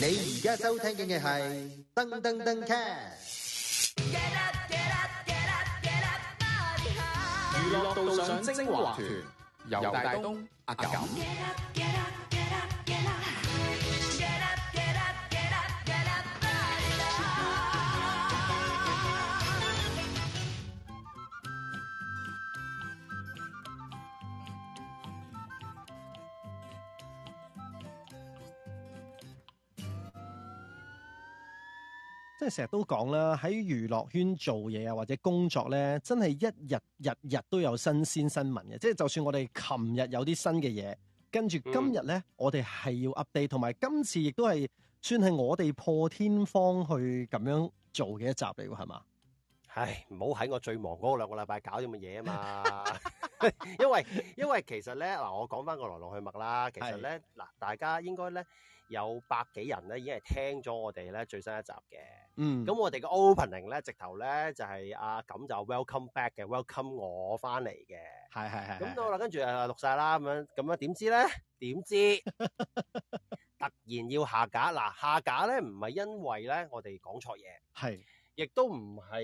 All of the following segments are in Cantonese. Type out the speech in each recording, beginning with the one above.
你而家收聽嘅係《登登登車》，娛樂道上精華團，由大東阿錦。成日都講啦，喺娛樂圈做嘢啊，或者工作咧，真係一日日日都有新鮮新聞嘅。即係就算我哋琴日有啲新嘅嘢，跟住今日咧，嗯、我哋係要 update，同埋今次亦都係算係我哋破天荒去咁樣做嘅一集嚟㗎，係嘛？唉，唔好喺我最忙嗰兩個禮拜搞啲乜嘢啊嘛！ 因為因為其實咧，嗱，我講翻個來龍去脈啦。其實咧，嗱是，大家應該咧。有百幾人咧，已經係聽咗我哋咧最新一集嘅。嗯，咁我哋嘅 opening 咧，直頭咧就係阿咁就 welcome back 嘅，welcome 我翻嚟嘅。係係係。咁到啦，跟住啊錄晒啦咁樣，咁樣點知咧？點知 突然要下架？嗱、啊，下架咧唔係因為咧我哋講錯嘢，係亦是都唔係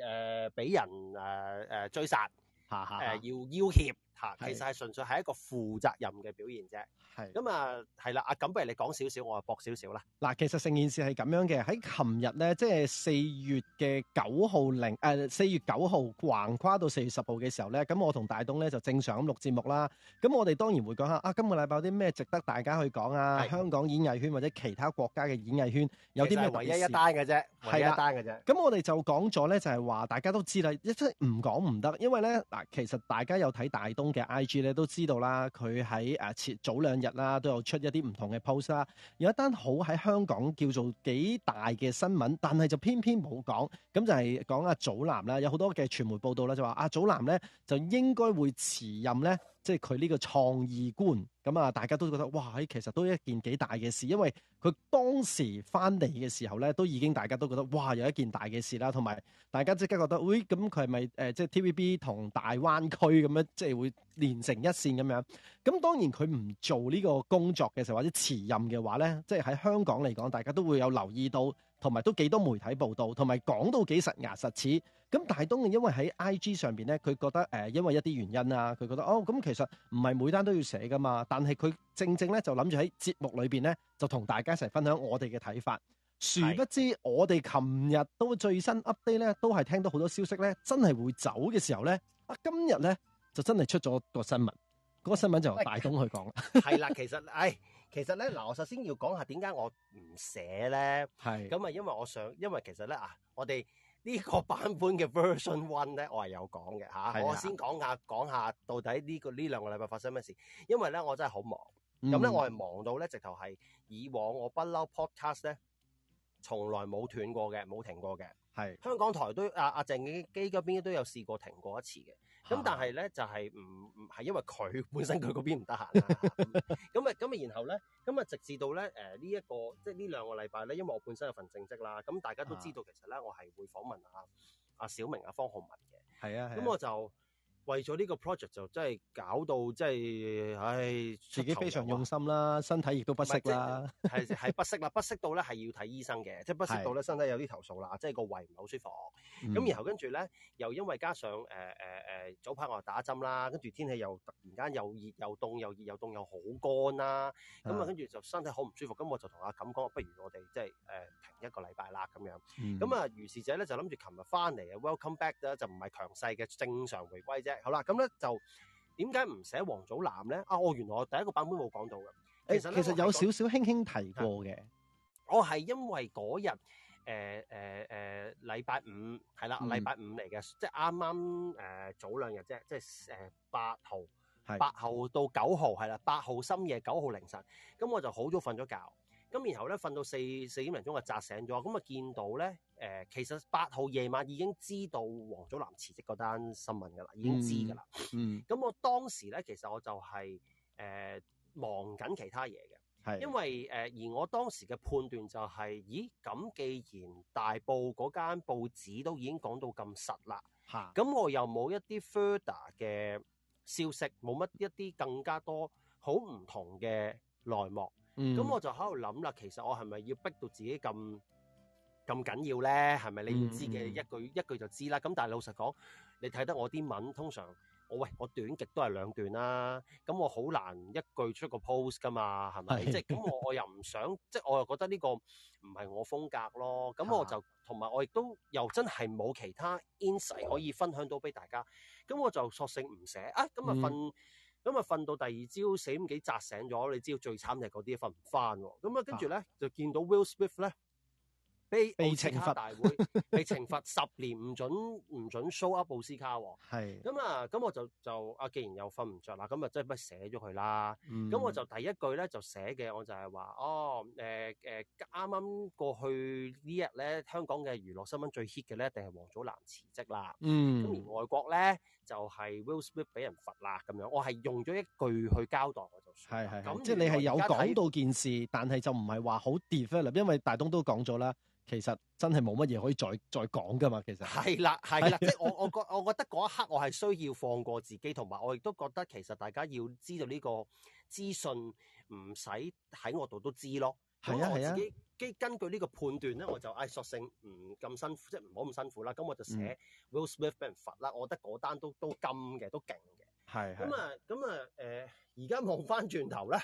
誒俾人誒誒、呃呃、追殺，嚇嚇誒要要脅。嚇，其實係純粹係一個負責任嘅表現啫。係咁啊，係啦，啊咁，不如你講少少，我啊博少少啦。嗱，其實成件事係咁樣嘅。喺琴日咧，即係四月嘅九號零誒，四月九號橫跨到四月十號嘅時候咧，咁我同大東咧就正常咁錄節目啦。咁我哋當然會講下啊，今個禮拜有啲咩值得大家去講啊？香港演藝圈或者其他國家嘅演藝圈有啲咩？唯一一單嘅啫，唯一一單嘅啫。咁我哋就講咗咧，就係話大家都知啦，一出唔講唔得，因為咧嗱，其實大家有睇大東。嘅 IG 咧都知道啦，佢喺誒前早兩日啦都有出一啲唔同嘅 post 啦，有一單好喺香港叫做幾大嘅新聞，但係就偏偏冇講、啊，咁就係講阿祖藍啦，有好多嘅傳媒報道啦，就話阿、啊、祖藍咧就應該會辭任咧。即係佢呢個創意官，咁啊，大家都覺得哇，係其實都一件幾大嘅事，因為佢當時翻嚟嘅時候咧，都已經大家都覺得哇，有一件大嘅事啦，同埋大家即刻覺得，喂、哎，咁佢係咪誒，即係 TVB 同大灣區咁樣，即係會連成一線咁樣？咁當然佢唔做呢個工作嘅時候或者辭任嘅話咧，即係喺香港嚟講，大家都會有留意到。同埋都幾多媒體報道，同埋講到幾實牙實齒。咁大東因為喺 IG 上邊咧，佢覺得誒、呃，因為一啲原因啊，佢覺得哦，咁其實唔係每單都要寫噶嘛。但係佢正正咧就諗住喺節目裏邊咧，就同大家一齊分享我哋嘅睇法。是殊不知我哋琴日都最新 update 咧，都係聽到好多消息咧，真係會走嘅時候咧，啊今日咧就真係出咗個新聞。嗰個新聞就由大東去講啦。係啦，其實誒。哎其實咧，嗱，我首先要講下點解我唔寫咧。係的。咁啊，因為我想，因為其實咧啊，我哋呢個版本嘅 version one 咧，我係有講嘅嚇。啊、的我先講下，講下到底呢、呢個呢兩個禮拜發生咩事。因為咧，我真係好忙。咁咧、嗯，我係忙到咧，直頭係以往我不嬲 podcast 咧，從來冇斷過嘅，冇停過嘅。係的。香港台都啊啊鄭景基嗰邊都有試過停過一次嘅。咁但係呢，就係唔唔係因為佢本身佢嗰邊唔得閒啦，咁啊咁啊然後呢，咁啊直至到呢呢一、呃這個即係呢兩個禮拜呢，因為我本身有份正職啦，咁大家都知道其實呢，我係會訪問阿、啊啊、小明阿、啊、方浩文嘅，係啊，咁、啊、我就。為咗呢個 project 就真係搞到即係，唉、哎！自己非常用心啦，身體亦都不適啦。係 係不適啦，不適到咧係要睇醫生嘅，即係不適到咧是身體有啲投訴啦，即係個胃唔係好舒服。咁、嗯、然後跟住咧，又因為加上誒誒誒早排我打針啦，跟住天氣又突然間又熱又凍又熱又凍又好乾啦。咁啊跟住就身體好唔舒服，咁我就同阿錦講，不如我哋即係誒停一個禮拜啦咁樣。咁啊於是者咧就諗住琴日翻嚟，welcome back 啫，就唔係強勢嘅正常回歸啫。好啦，咁咧就點解唔寫王祖藍咧？啊，我原來我第一個版本冇講到嘅，其實、欸、其實有少少輕輕提過嘅。我係因為嗰日誒誒誒禮拜五係啦，禮拜五嚟嘅，嗯、即係啱啱誒早兩日啫，即係誒八號，八號到九號係啦，八號的深夜九號凌晨，咁我就好早瞓咗覺。咁然後咧，瞓到四四點零鐘就扎醒咗，咁啊見到咧，誒、呃、其實八號夜晚已經知道王祖藍辭職嗰單新聞噶啦，嗯、已經知噶啦。嗯，咁我當時咧，其實我就係、是、誒、呃、忙緊其他嘢嘅，係的因為誒、呃、而我當時嘅判斷就係、是，咦，咁既然大報嗰間報紙都已經講到咁實啦，嚇的，咁我又冇一啲 further 嘅消息，冇乜一啲更加多好唔同嘅內幕。咁、嗯、我就喺度諗啦，其實我係咪要逼到自己咁咁緊要咧？係咪你唔知嘅、嗯、一句一句就知啦？咁但係老實講，你睇得我啲文通常，我喂我短極都係兩段啦、啊。咁我好難一句出個 post 噶嘛，係咪？是 即係咁我我又唔想，即係我又覺得呢個唔係我風格咯。咁我就同埋的我亦都又真係冇其他 insight 可以分享到俾大家。咁我就索性唔寫啊，今日瞓。嗯咁啊瞓到第二朝四點幾扎醒咗，你知道最慘就係嗰啲瞓唔返，咁啊跟住咧就見到 Will Smith 咧。被被懲罰大會， 被懲罰十年唔准唔準 show up 奧斯卡喎。咁啊是，咁我就就啊，既然又瞓唔着啦，咁啊，真係不如寫咗佢啦。咁我就第一句咧就寫嘅，我就係話哦，誒、呃、誒，啱、呃、啱過去呢日咧，香港嘅娛樂新聞最 hit 嘅咧，一定係王祖藍辭職啦。嗯，咁而外國咧就係、是、Will Smith 俾人罰啦咁樣。我係用咗一句去交代我就係係係，即係你係有講到件事，但係就唔係話好 definite 因為大東都講咗啦。其實真係冇乜嘢可以再再講㗎嘛。其實係啦，係啦，即係我我覺我覺得嗰一刻我係需要放過自己，同埋我亦都覺得其實大家要知道呢個資訊唔使喺我度都知咯。係啊係啊，我自己根據呢個判斷咧，我就唉、哎、索性唔咁辛苦，即係唔好咁辛苦啦。咁我就寫、嗯、Will Smith 俾人罰啦。我覺得嗰單都都金嘅，都勁嘅。係係咁啊咁啊誒，而家、呃、望翻轉頭咧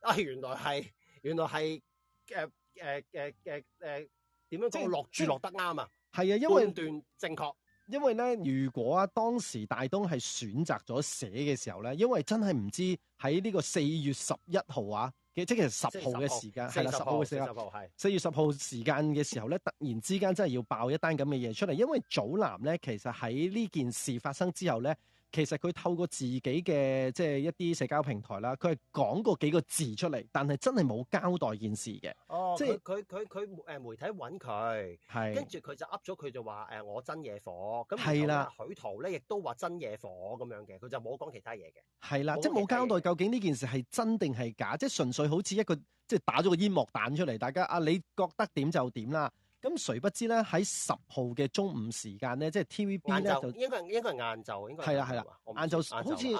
啊、哎，原來係原來係誒誒誒誒誒。點樣講落注是落得啱啊？係啊，因為判斷正確。因為咧，如果啊，當時大東係選擇咗寫嘅時候咧，因為真係唔知喺呢個四月十一號啊，即係十號嘅時間，係啦，十號嘅時間，四月十號時間嘅時候咧，突然之間真係要爆一單咁嘅嘢出嚟。因為祖藍咧，其實喺呢件事發生之後咧。其實佢透過自己嘅即係一啲社交平台啦，佢係講過幾個字出嚟，但係真係冇交代件事嘅。哦，即係佢佢佢誒媒體揾佢，係跟住佢就噏咗，佢就話誒我真惹火，咁的然後許圖咧亦都話真惹火咁樣嘅，佢就冇講其他嘢嘅。係啦的，即係冇交代究竟呢件事係真定係假，即係純粹好似一個即係打咗個煙幕彈出嚟，大家啊你覺得點就點啦。咁誰不知咧？喺十號嘅中午時間咧，即係 TVB 咧就應該應該係晏晝，應該係啦係啦。晏晝好似晏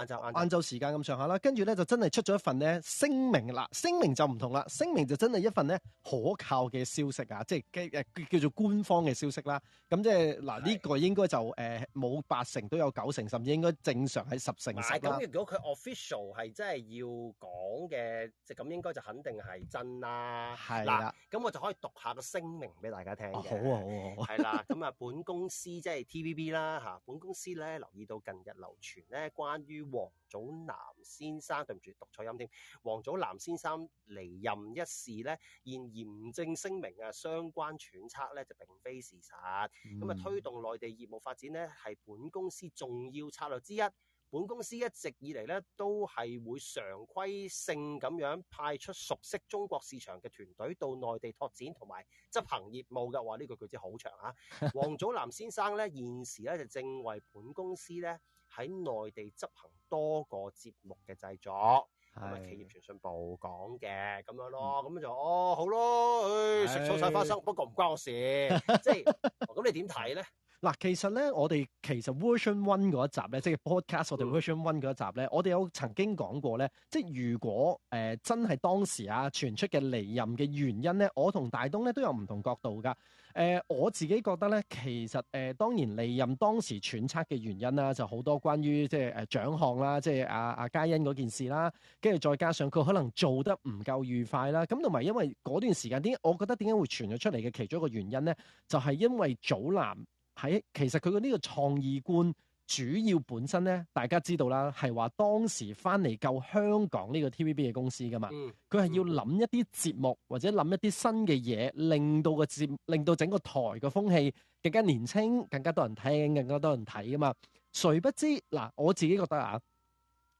晝時間咁上下啦午，跟住咧就真係出咗一份咧聲明啦。聲明就唔同啦，聲明就真係一份咧可靠嘅消息啊！即係叫、呃、叫做官方嘅消息啦。咁的即係嗱呢個應該就誒冇八成都有九成，甚至應該正常喺十成10。咁，如果佢 official 係真係要講嘅，就咁應該就肯定係真啦。係啦的，咁我就可以讀下個聲明俾大家。大家聽嘅、啊、好啊好啊係咁啊， 本公司即係 TVB 啦吓，本公司咧留意到近日流傳咧關於王祖藍先生，對唔住讀錯音添，王祖藍先生離任一事咧，現嚴正聲明啊，相關揣測咧就並非事實，咁啊、嗯、推動內地業務發展咧係本公司重要策略之一。本公司一直以嚟咧都係會常規性咁樣派出熟悉中國市場嘅團隊到內地拓展，同埋執行業務嘅，話呢句句子好長啊！王 祖藍先生咧現時咧就正為本公司咧喺內地執行多個節目嘅製作，咁啊 企業傳訊部講嘅咁樣咯，咁、嗯、就哦好咯，哎、食錯晒 花生，不過唔關我事，即係咁、哦、你點睇咧？嗱，其實咧，我哋其實 Version One 嗰一集咧，即係 Podcast 我哋 Version One 嗰一集咧，我哋有曾經講過咧，即係如果誒、呃、真係當時啊傳出嘅離任嘅原因咧，我同大東咧都有唔同角度㗎。誒、呃，我自己覺得咧，其實誒、呃、當然離任當時揣測嘅原因啦，就好多關於即係誒獎項啦，即係阿阿嘉欣嗰件事啦，跟住再加上佢可能做得唔夠愉快啦，咁同埋因為嗰段時間點，我覺得點解會傳咗出嚟嘅其中一個原因咧，就係、是、因為祖藍。喺，其實佢嘅呢個創意觀主要本身咧，大家知道啦，係話當時翻嚟救香港呢個 TVB 嘅公司噶嘛，佢係、嗯、要諗一啲節目或者諗一啲新嘅嘢，令到個節目，令到整個台嘅風氣更加年輕，更加多人聽，更加多人睇噶嘛。誰不知嗱，我自己覺得啊，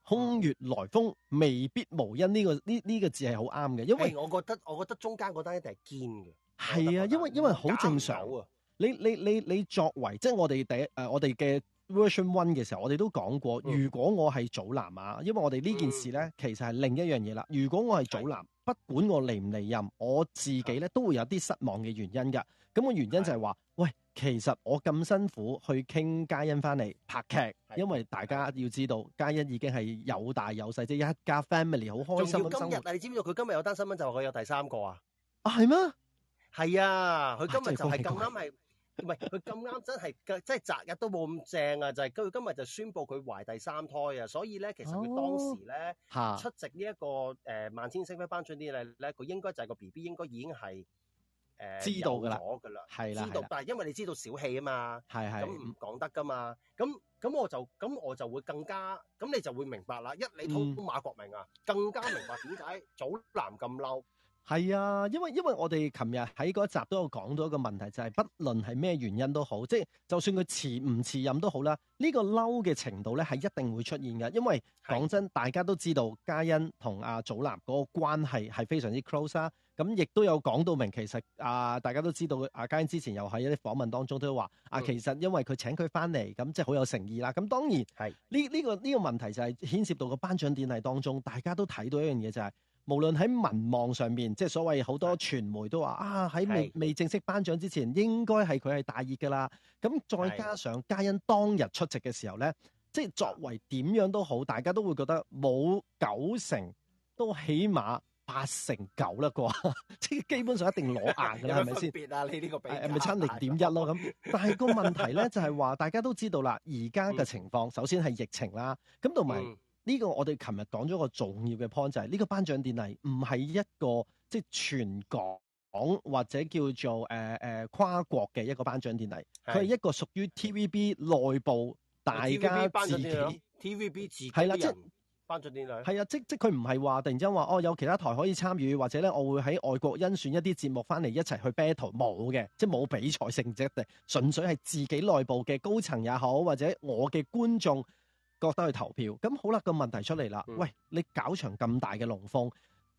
空穴來風未必無因呢、呢個呢呢、呢個呢個字係好啱嘅，因為我覺得我覺得中間嗰單一定係堅嘅，係啊因，因為因為好正常啊。你你你你作為即係我哋第誒、呃、我哋嘅 version one 嘅時候，我哋都講過，如果我係祖藍啊，因為我哋呢件事咧，其實係另一樣嘢啦。如果我係祖藍，是不管我離唔離任，我自己咧是都會有啲失望嘅原因㗎。咁、那個原因就係話，是喂，其實我咁辛苦去傾嘉欣翻嚟拍劇，是因為大家要知道嘉欣已經係有大有細，即係一家 family 好開心嘅生活。仲要今日你知唔知道佢今日有單新聞就話佢有第三個啊？啊係咩？係啊，佢今日就係咁啱係。啊唔係佢咁啱，真係嘅，即係擇日都冇咁正啊！就係佢今日就宣布佢懷第三胎啊，所以咧，其實佢當時咧出席呢一個誒萬千星輝頒獎典禮咧，佢應該就係個 B B 應該已經係誒知道咗嘅啦，係啦，但係因為你知道小氣啊嘛，係係咁唔講得噶嘛，咁咁我就咁我就會更加咁你就會明白啦，一你同馬國明啊，更加明白點解祖藍咁嬲。係啊，因為因為我哋琴日喺嗰一集都有講到一個問題，就係、是、不論係咩原因都好，即係就算佢辭唔辭任都好啦，呢、這個嬲嘅程度咧係一定會出現嘅。因為講是真，大家都知道嘉欣同阿、啊、祖藍嗰個關係係非常之 close 啦、啊，咁亦都有講到明。其實阿、啊、大家都知道阿嘉、啊、欣之前又喺一啲訪問當中都話，嗯、啊其實因為佢請佢翻嚟，咁即係好有誠意啦。咁當然係呢呢個呢、這個問題就係牽涉到個頒獎典禮當中，大家都睇到一樣嘢就係、是。無論喺民望上面，即係所謂好多傳媒都話的啊，喺未未正式頒獎之前，應該係佢係大熱噶啦。咁再加上嘉欣的當日出席嘅時候咧，即係作為點樣都好，大家都會覺得冇九成，都起碼八成九啦，啩即係基本上一定攞硬噶啦，係咪先？特別啊！吧你呢個比，係咪、哎就是、差零點一咯？咁，但係個問題咧就係話，大家都知道啦，而家嘅情況、嗯、首先係疫情啦，咁同埋，呢個我哋琴日講咗個重要嘅 point 就係呢個頒獎典禮唔係一個即係、就是、全港或者叫做誒誒、呃呃、跨國嘅一個頒獎典禮，佢係是一個屬於 TVB 內部大家自己 TVB TVB 自己啦、啊，即係頒獎典禮係啊，即即佢唔係話突然之間話哦有其他台可以參與，或者咧我會喺外國甄選一啲節目翻嚟一齊去 battle 冇嘅，即係冇比賽成績嘅，純粹係自己內部嘅高層也好，或者我嘅觀眾。覺得去投票咁好啦，個問題出嚟啦。嗯、喂，你搞場咁大嘅龍鳳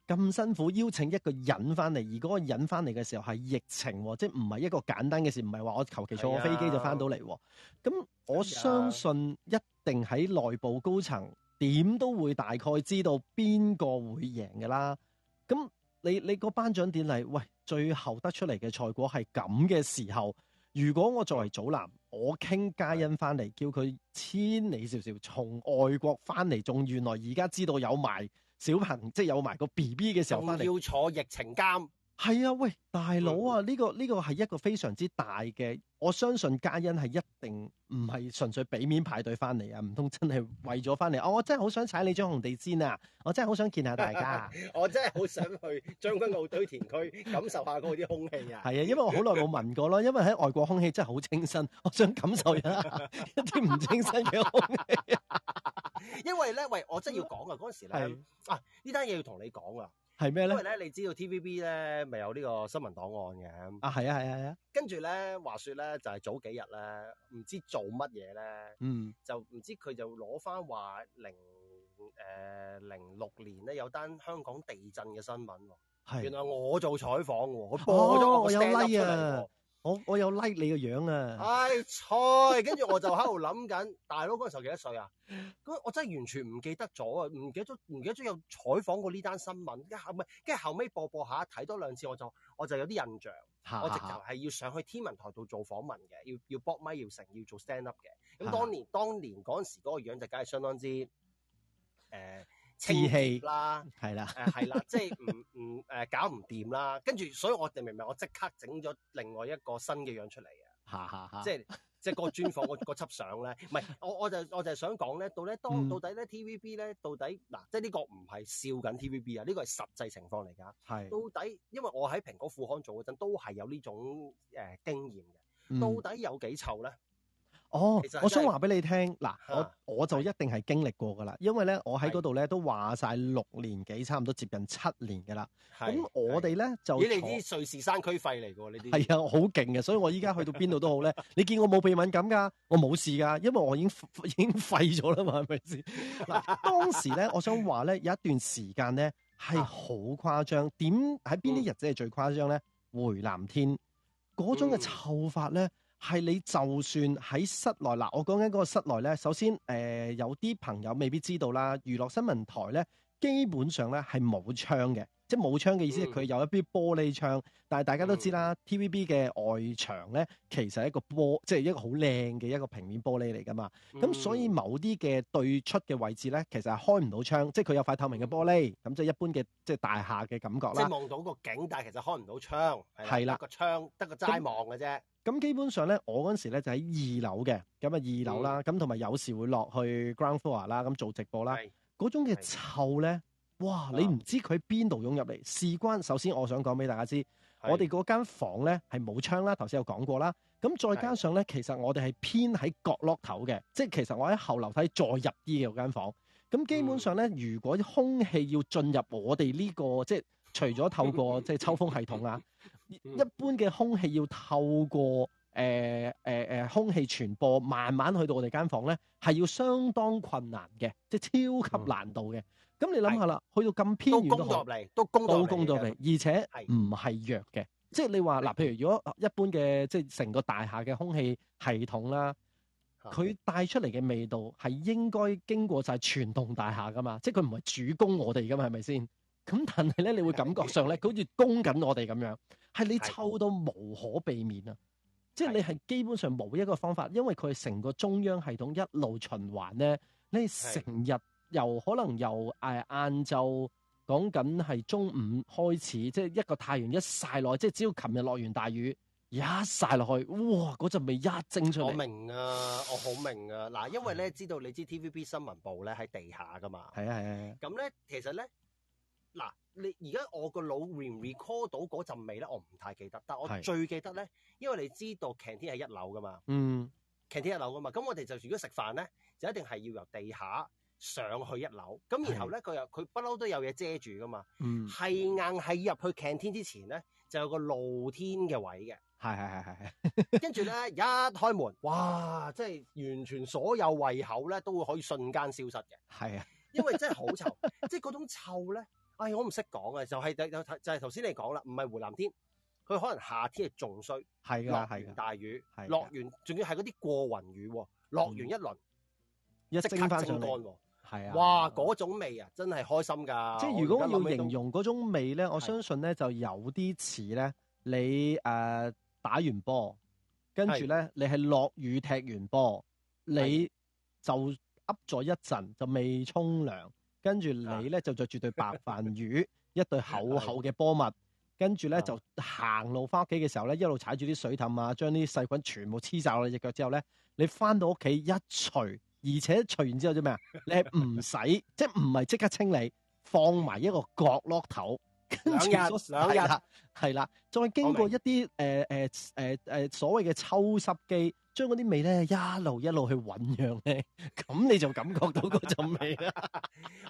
咁辛苦邀請一個人翻嚟，而嗰個人翻嚟嘅時候係疫情、哦，即係唔係一個簡單嘅事，唔係話我求其坐個飛機就翻到嚟。咁、啊、我相信一定喺內部高層點都會大概知道邊個會贏噶啦。咁你你個頒獎典禮，喂，最後得出嚟嘅賽果係咁嘅時候，如果我作為祖藍。我傾嘉欣翻嚟，叫佢千里迢迢，從外國翻嚟仲，原來而家知道有埋小朋，即係有埋個 B B 嘅時候翻嚟。要坐疫情監。係啊，喂，大佬啊，呢、嗯這個呢、這個係一個非常之大嘅，我相信嘉欣係一定唔係純粹俾面派對翻嚟啊，唔通真係為咗翻嚟？哦，我真係好想踩你張紅地氈啊，我真係好想見下大家， 我真係好想去將軍澳堆填區感受下嗰啲空氣啊。係 啊，因為我好耐冇聞過啦，因為喺外國空氣真係好清新，我想感受一下一啲唔清新嘅空氣。 因為咧，喂，我真係要講的啊，嗰陣時咧啊，呢單嘢要同你講啊。係咩咧？因為咧，你知道 TVB 咧咪有呢個新聞檔案嘅。啊，係啊，係啊，係啊。跟住咧，話說咧，就係早幾日咧，唔知做乜嘢咧。嗯。就唔知佢就攞翻話零誒零六年咧有單香港地震嘅新聞。係。原來我做採訪，我播咗個聲出嚟。我我有 like 你個樣啊！係菜！跟住我就喺度諗緊，大佬嗰陣時幾多歲啊？咁我真係完全唔記得咗啊！唔記得咗，唔記得咗有採訪過呢單新聞。跟後咪跟住後尾播一播一下，睇多兩次我就我就有啲印象。 我直頭係要上去天文台度做訪問嘅，要要搏米，要成，要做 stand up 嘅。咁當年 當年嗰陣時嗰個樣就梗係相當之誒。呃氣啦，係啦，誒係啦，即係唔唔誒搞唔掂啦，跟住所以我哋明明我即刻整咗另外一個新嘅樣出嚟啊，吓吓吓，即係即係嗰專訪執相咧，唔係 我我就我就想講咧到咧當到底咧 TVB 咧到底嗱即係呢個唔係笑緊 TVB 啊，呢個係實際情況嚟噶，係是，到底因為我喺蘋果富康做嗰陣都係有呢種誒、呃、經驗嘅，到底有幾臭咧？哦，其實就是，我想話俾你聽，嗱，我、啊、我就一定係經歷過噶啦，因為咧，我喺嗰度咧都話晒六年幾，差唔多接近七年噶啦。咁的我哋咧就，咦，你啲瑞士山區廢嚟噶？呢啲係啊，好勁嘅，所以我依家去到邊度都好咧。 你見我冇鼻敏感噶，我冇事噶，因為我已經已經廢咗啦嘛，係咪先？嗱， 當時咧，我想話咧，有一段時間咧係好誇張，點喺邊啲日子係最誇張咧？回南天嗰種嘅臭法咧。嗯係你就算喺室內嗱，我講緊嗰個室內咧。首先，誒、呃、有啲朋友未必知道啦。娛樂新聞台咧，基本上咧係冇窗嘅。即係冇窗嘅意思係佢有一啲玻璃窗，但係大家都知啦，TVB 嘅外牆咧其實係一個玻，即係一個好靚嘅一個平面玻璃嚟噶嘛。咁、嗯、所以某啲嘅對出嘅位置咧，其實係開唔到窗，即係佢有塊透明嘅玻璃，咁即係一般嘅即係大廈嘅感覺啦。即望到個景，但係其實開唔到窗。係啦，的個窗得個齋望嘅啫。咁基本上咧，我嗰陣時咧就喺二樓嘅，咁啊二樓啦，咁同埋有時會落去 ground floor 啦，咁做直播啦。嗰種嘅臭咧～哇！你唔知佢邊度湧入嚟，事關首先我想講俾大家知，是我哋嗰間房咧係冇窗啦，頭先有講過啦。咁再加上咧，是其實我哋係偏喺角落頭嘅，即係其實我喺後樓梯再入啲嘅嗰間房。咁基本上咧，嗯、如果空氣要進入我哋呢、這個，即、就、係、是、除咗透過即係抽風系統啊， 嗯、一般嘅空氣要透過誒誒誒空氣傳播，慢慢去到我哋間房咧，係要相當困難嘅，即、就、係、是、超級難度嘅。嗯咁你諗下啦，去到咁偏遠都攻到落嚟，都供咗落嚟，而且唔係弱嘅。即係你話嗱，譬如如果一般嘅即係成個大廈嘅空氣系統啦，佢帶出嚟嘅味道係應該經過晒全棟大廈噶嘛。即係佢唔係主供我哋噶嘛，係咪先？咁但係咧，你會感覺上咧，好似供緊我哋咁樣，係你抽到無可避免啊！即係你係基本上冇一個方法，因為佢係成個中央系統一路循環咧，你成日。又可能由誒晏晝講緊係中午開始，即係一個太陽一曬落，即係只要琴日落完大雨，一曬落去，哇！嗰陣味一蒸出嚟。我明啊，我好明啊。嗱，因為咧知道你知 TVB 新聞部咧喺地下噶嘛。係啊係啊。咁咧、啊、其實咧，嗱你而家我個腦 recall 到嗰陣味咧，我唔太記得。但係我最記得咧，是因為你知道 canteen 係一樓噶嘛。嗯。canteen 一樓噶嘛，咁我哋就如果食飯咧，就一定係要由地下。上去一樓，咁然後咧，佢又佢不嬲都有嘢遮住㗎嘛，係、嗯、硬係入去 canteen 之前咧，就有個露天嘅位嘅，係係係係係，跟住咧一開門，哇！即係完全所有胃口咧都會可以瞬間消失嘅。係啊，因為真係好臭， 即係嗰種臭咧，唉、哎，我唔識講啊，就係、是、就就就係頭先你講啦，唔係回南天，佢可能夏天係仲衰，係啊，係大雨，的落完仲要係嗰啲過雲雨，落完一輪，嗯、一即刻蒸係啊！哇，嗰、嗯、種味啊，真係開心噶！即係如果我要形容嗰種味咧，我，我相信咧就有啲似咧你誒、呃、打完波，跟住咧是你係落雨踢完波，的你就噏咗一陣就未沖涼，跟住你咧的就着住對白飯魚， 一對厚厚嘅波襪，跟住咧的就行路翻屋企嘅時候咧，一路踩住啲水凼啊，將啲細菌全部黐晒落你隻腳之後咧，你翻到屋企一除。一而且除完之後做咩啊？你係唔使， 即係唔係即刻清理，放埋一個角落頭，跟住兩日係啦，係啦的，再日經過一啲誒誒誒誒所謂嘅抽濕機。將嗰啲味咧一路一路去醖釀咧，咁你就感覺到嗰陣味啦。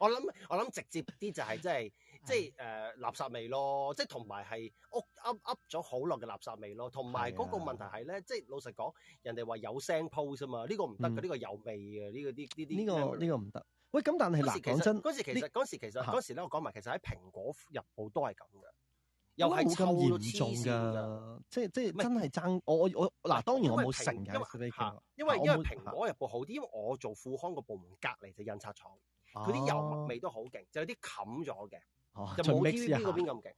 我諗我諗直接啲就係即係即係誒垃圾味咯，即係同埋係屋噏噏咗好耐嘅垃圾味咯。同埋嗰個問題係咧，即係老實講，人哋話有聲鋪啫嘛，呢個唔得㗎，呢個有味㗎，呢個啲呢啲。呢個呢個唔得。喂，咁但係嗱，講真嗰時其實嗰時其實嗰時咧，我講埋其實喺蘋果入便都係咁㗎。又係臭到黐線㗎，即係即係真係爭我我嗱，當然我冇成嘅，因為因為蘋果入貨好啲，因為我做富康個部門隔離就印刷廠，佢啲油墨味都好勁，就有啲冚咗嘅，就冇 T V B 嗰邊咁勁，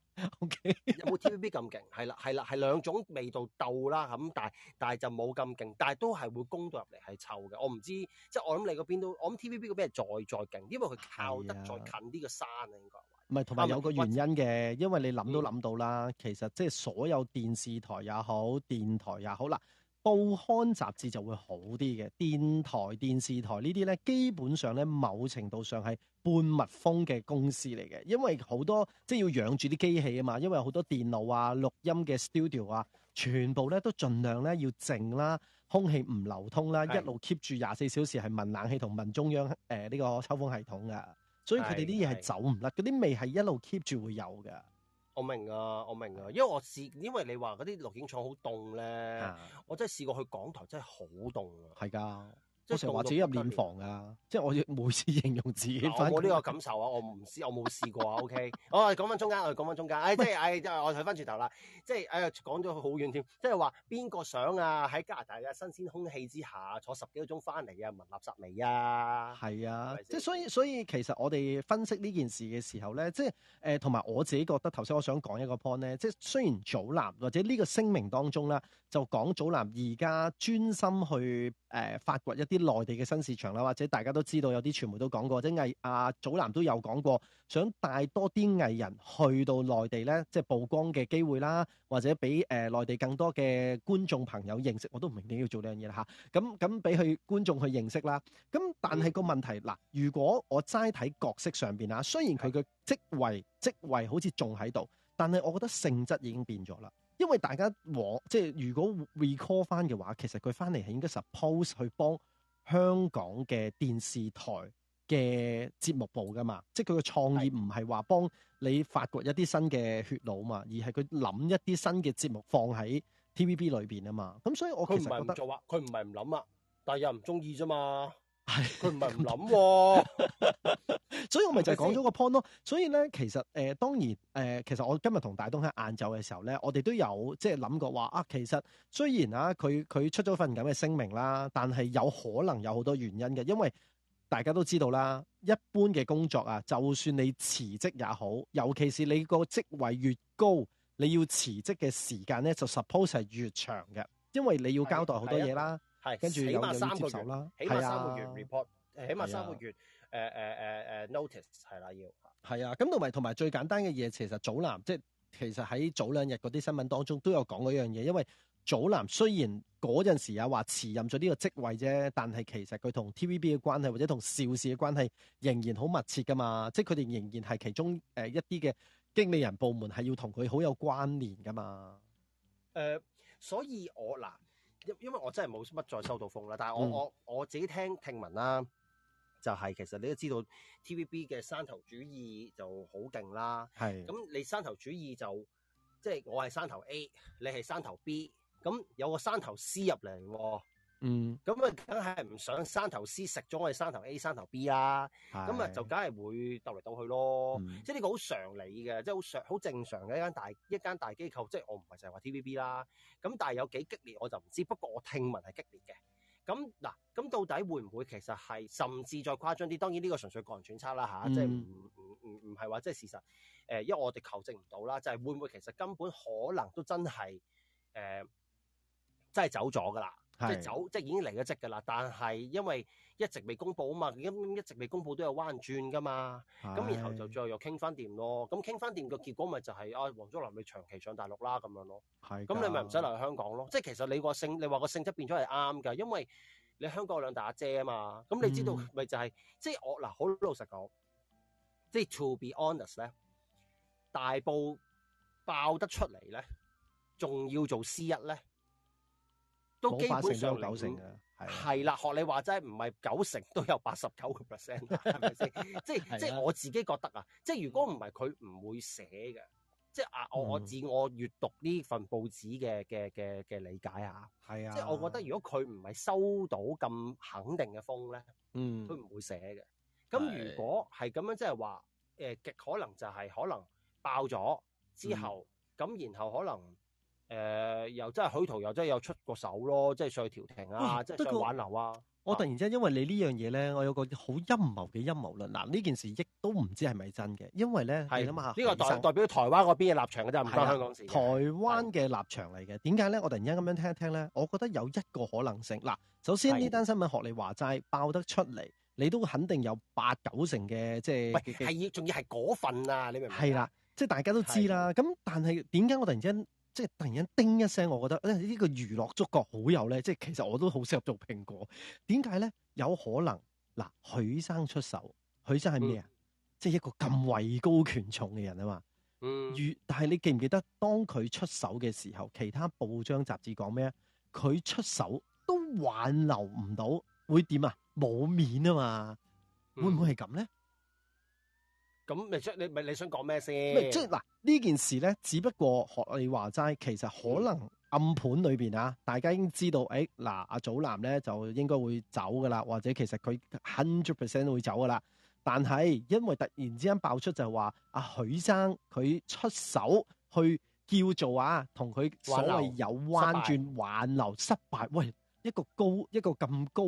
有冇 T V B 咁勁，係啦係啦係兩種味道鬥啦咁，但係但係就冇咁勁，但係都係會攻到入嚟係臭嘅，我唔知即係我諗你嗰邊都，我諗 T V B 嗰邊係再再勁，因為佢靠得再近啲個山啊應該。唔係，同埋有個原因嘅，因為你諗都諗到啦。嗯、其實即係所有電視台也好，電台也好啦，報刊雜誌就會好啲嘅。電台、電視台呢啲咧，基本上咧，某程度上係半密封嘅公司嚟嘅，因為好多即係要養住啲機器啊嘛。因為好多電腦啊、錄音嘅 studio 啊，全部咧都盡量咧要靜啦，空氣唔流通啦，的一路 keep 住廿四小時係聞冷氣同聞中央誒呢、呃呢個抽風系統噶。所以佢哋啲嘢係走唔甩，嗰啲味係一路 keep 住會有嘅。我明啊，我明啊，因為我試，因為你話嗰啲錄影廠好凍咧，的我真係試過去港台，真係好凍啊。係㗎。我成日話自己入殮房啊！嗯、即係我每次形容自己、啊，我呢個感受啊！我唔知，我冇試過啊 ！OK，我講翻中間，我講翻中間。誒、哎，即係誒、哎，我睇翻轉頭啦。即係誒、哎，講咗好遠添。即係話邊個想啊？喺加拿大嘅新鮮空氣之下坐十幾個鐘翻嚟啊！聞垃圾嚟啊！係啊！是是即係所以，所以其實我哋分析呢件事嘅時候咧，即係誒同埋我自己覺得頭先我想講一個 point 咧，即係雖然祖藍或者呢個聲明當中啦。就講祖藍而家專心去誒、呃、發掘一啲內地嘅新市場啦，或者大家都知道有啲傳媒都講過，即係阿祖藍都有講過，想帶多啲藝人去到內地咧，即係曝光嘅機會啦，或者俾誒、呃、內地更多嘅觀眾朋友認識，我都唔明點要做呢樣嘢啦嚇。咁咁俾佢觀眾去認識啦。咁但係個問題嗱，如果我齋睇角色上邊啊，雖然佢嘅職位、嗯、職位好似仲喺度，但係我覺得性質已經變咗啦。因為大家往即係如果 recall 翻嘅話，其實佢翻嚟係應該 suppose 去幫香港嘅電視台嘅節目部㗎嘛，即係佢個創意唔係話幫你發掘一啲新嘅血腦嘛，而係佢諗一啲新嘅節目放喺 TVB 裏邊啊嘛，咁所以我其實佢唔係唔做話，佢唔係唔諗啊，但係又唔中意啫嘛。佢唔係唔諗，所以我咪就係講咗個 point 咯。所以咧，其實誒、呃，當然誒、呃，其實我今日同大東喺晏晝嘅時候咧，我哋都有即係諗過話啊。其實雖然啊，佢佢出咗份咁嘅聲明啦，但係有可能有好多原因嘅。因為大家都知道啦，一般嘅工作啊，就算你辭職也好，尤其是你個職位越高，你要辭職嘅時間咧就 suppose 係越長嘅，因為你要交代好多嘢啦。係，跟住起碼三個月啦，起碼三個月 report、啊、起碼三個月誒誒誒誒 notice 係啦、啊，要係啊，咁同埋同埋最簡單嘅嘢，其實祖藍即係其實喺早兩日嗰啲新聞當中都有講過一樣嘢，因為祖藍雖然嗰陣時啊話辭任咗呢個職位啫，但係其實佢同 TVB 嘅關係或者同邵氏嘅關係仍然好密切噶嘛，即係佢哋仍然係其中誒一啲嘅經理人部門係要同佢好有關聯噶嘛。誒、呃，所以我嗱喇。因為我真係冇乜再收到風啦，但係我我我自己聽聽聞啦，就係，是，其實你都知道 TVB 嘅山頭主義就好勁啦，係咁是你山頭主義就即係，就是，我係山頭 A，你係山頭 B，咁有個山頭 C 入嚟喎。嗯，咁啊，梗係唔想山頭 C 食咗我哋山頭 A、山頭 B 啦、啊，咁啊是就梗係會鬥嚟鬥去咯，嗯、即係呢個好常理嘅，即係好常好正常嘅一間大一間大機構，即係我唔係淨係話 TVB 啦，咁但係有幾激烈我就唔知，不過我聽聞係激烈嘅，咁嗱，咁到底會唔會其實係甚至再誇張啲？當然呢個純粹個人揣測啦吓、嗯，即係唔唔唔唔係話即係事實，誒，因為我哋求證唔到啦，就係、是、會唔會其實根本可能都真係誒、呃、真係走咗噶啦？即係走，即係已經離咗職嘅啦。但係因為一直未公佈啊嘛，一一直未公佈都有彎轉噶嘛。咁的然後就最後又傾翻掂咯。咁傾翻掂嘅結果咪就係、是、啊，王祖藍咪長期上大陸啦咁樣咯。係的。咁你咪唔使留喺香港咯。即係其實你個性，你話個性質變咗係啱嘅，因為你香港有兩大阿姐啊嘛。咁你知道咪就係、是嗯，即係我嗱好老實講，即係 to be honest 咧，大報爆得出嚟咧，仲要做 C 一咧。都基本上成九成㗎，係啦，學你話齋，唔係九成都有八十九個 percent，係咪先？即係即係我自己覺得啊，即係如果唔係佢唔會寫嘅，即係啊，我我自我閱讀呢份報紙嘅嘅嘅嘅理解啊，係啊的，即係我覺得如果佢唔係收到咁肯定嘅風咧，嗯，佢唔會寫嘅。咁如果係咁樣，即係話誒，極可能就係可能爆咗之後，咁、嗯、然後可能。誒、呃，又真係許圖又真係有出過手咯，即係上去調停啊，喂即係上挽留啊。我突然之間，因為你呢樣嘢咧，我有個好陰謀嘅陰謀論。嗱，呢件事亦都唔知係咪真嘅，因為咧，你諗下，呢個代代表台灣嗰邊嘅立場嘅啫，唔關香港事。台灣嘅立場嚟嘅，點解咧？我突然之間咁樣聽一聽咧，我覺得有一個可能性。嗱、啊，首先呢單新聞學你話齋爆得出嚟，你都肯定有八九成嘅即係，喂，係要仲要係嗰份啊？你明唔明？係啦，即係大家都知啦。咁的但係點解我突然之間？即係突然間叮一聲，我覺得誒、這個、呢個娛樂觸覺好有咧，即係其實我都好適合做蘋果。點解咧？有可能。嗱，許生出手，許生係咩啊？嗯、即係一個咁位高權重嘅人啊嘛。嗯。遇，但係你記唔記得當佢出手嘅時候，其他報章雜誌講咩啊？佢出手都挽留唔到，會點啊？冇面啊嘛。會唔會係咁咧？嗯咁你想你咪你想講咩先？即嗱呢件事咧，只不過學你話齋，其實可能暗盤裏邊啊，大家已經知道，誒、哎、嗱，阿、啊、祖藍咧就應該會走噶啦，或者其實佢 hundred percent 會走噶啦。但係因為突然之間爆出就係話，阿、啊、許生佢出手去叫做啊，同佢所謂有彎轉挽留失敗，喂，一個高一個咁高